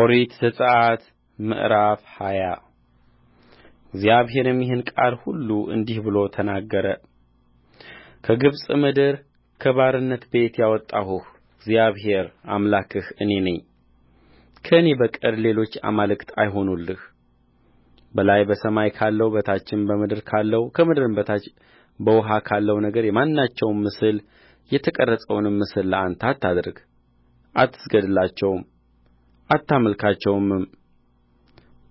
ኦሪት ዘጽአት ምዕራፍ ሃያ እግዚአብሔርም ይህን ቃል ሁሉ እንዲህ ብሎ ተናገረ ከግብፅ ምድር ከባርነት ቤት ያወጣሁህ እግዚአብሔር አምላክህ እኔ ነኝ ከእኔ በቀር ሌሎች አማልክት አይሁኑልህ በላይ በሰማይ ካለው በታችም በምድር ካለው ከምድርም በታች በውኃ ካለው ነገር የማናቸውን ምስል የተቀረጸውንም ምስል ለአንተ አታድርግ አትስገድላቸውም አታምልካቸውምም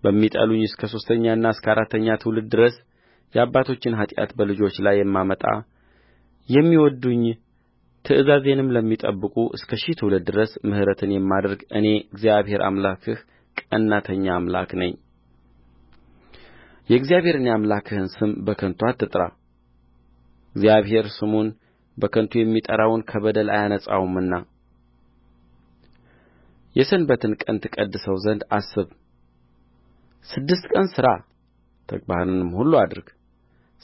በሚጠሉኝ እስከ ሦስተኛና እስከ አራተኛ ትውልድ ድረስ የአባቶችን ኃጢአት በልጆች ላይ የማመጣ የሚወድዱኝ ትእዛዜንም ለሚጠብቁ እስከ ሺህ ትውልድ ድረስ ምሕረትን የማደርግ እኔ እግዚአብሔር አምላክህ ቀናተኛ አምላክ ነኝ። የእግዚአብሔርን የአምላክህን ስም በከንቱ አትጥራ። እግዚአብሔር ስሙን በከንቱ የሚጠራውን ከበደል አያነጻውምና የሰንበትን ቀን ትቀድሰው ዘንድ አስብ ስድስት ቀን ሥራ ተግባርህንም ሁሉ አድርግ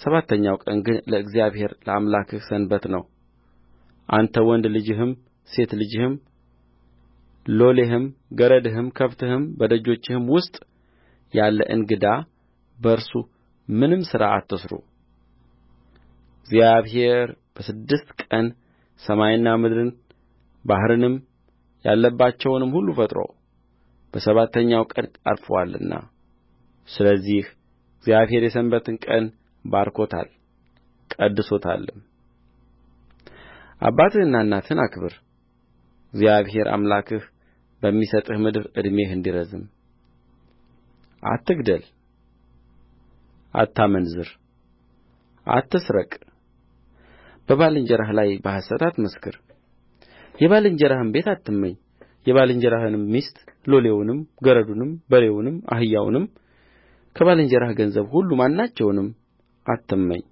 ሰባተኛው ቀን ግን ለእግዚአብሔር ለአምላክህ ሰንበት ነው አንተ ወንድ ልጅህም ሴት ልጅህም ሎሌህም ገረድህም ከብትህም በደጆችህም ውስጥ ያለ እንግዳ በእርሱ ምንም ሥራ አትሥሩ እግዚአብሔር በስድስት ቀን ሰማይንና ምድርን ባሕርንም ያለባቸውንም ሁሉ ፈጥሮ በሰባተኛው ቀን ዐርፎአልና ስለዚህ እግዚአብሔር የሰንበትን ቀን ባርኮታል ቀድሶታልም አባትህንና እናትህን አክብር እግዚአብሔር አምላክህ በሚሰጥህ ምድር ዕድሜህ እንዲረዝም አትግደል አታመንዝር አትስረቅ በባልንጀራህ ላይ በሐሰት አትመስክር የባልንጀራህን ቤት አትመኝ የባልንጀራህንም ሚስት ሎሌውንም ገረዱንም በሬውንም አህያውንም ከባልንጀራህ ገንዘብ ሁሉ ማናቸውንም አትመኝ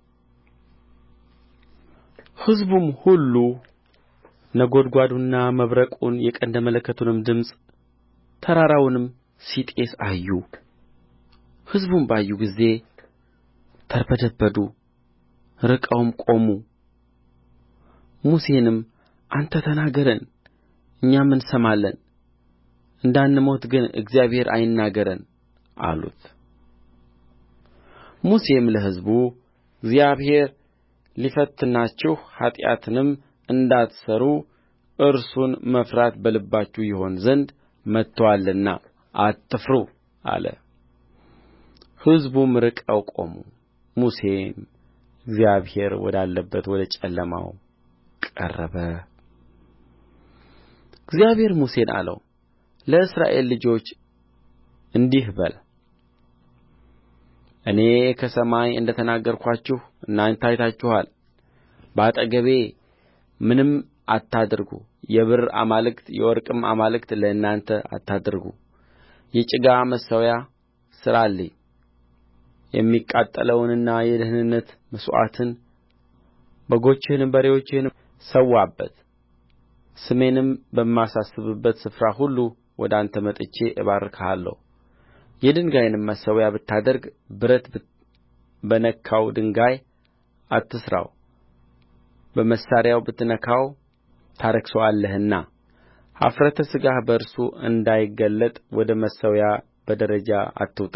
ሕዝቡም ሁሉ ነጐድጓዱንና መብረቁን የቀንደ መለከቱንም ድምፅ ተራራውንም ሲጤስ አዩ ሕዝቡም ባዩ ጊዜ ተርበደበዱ ርቀውም ቆሙ ሙሴንም አንተ ተናገረን እኛም እንሰማለን እንዳንሞት ግን እግዚአብሔር አይናገረን አሉት ሙሴም ለሕዝቡ እግዚአብሔር ሊፈትናችሁ ኃጢአትንም እንዳትሠሩ እርሱን መፍራት በልባችሁ ይሆን ዘንድ መጥቶአልና አትፍሩ አለ ሕዝቡም ርቀው ቆሙ ሙሴም እግዚአብሔር ወዳለበት ወደ ጨለማው ቀረበ እግዚአብሔር ሙሴን አለው ለእስራኤል ልጆች እንዲህ በል እኔ ከሰማይ እንደ ተናገርኋችሁ እናንተ አይታችኋል በአጠገቤ ምንም አታድርጉ የብር አማልክት የወርቅም አማልክት ለእናንተ አታድርጉ የጭቃ መሠዊያ ሥራልኝ የሚቃጠለውንና የደኅንነት መሥዋዕትን በጎችህንም በሬዎችህንም ሠዋበት ስሜንም በማሳስብበት ስፍራ ሁሉ ወደ አንተ መጥቼ እባርክሃለሁ የድንጋይንም መሠዊያ ብታደርግ ብረት በነካው ድንጋይ አትሥራው በመሣሪያው ብትነካው ታረክሰዋለህና ኀፍረተ ሥጋህ በእርሱ እንዳይገለጥ ወደ መሠዊያው በደረጃ አትውጣ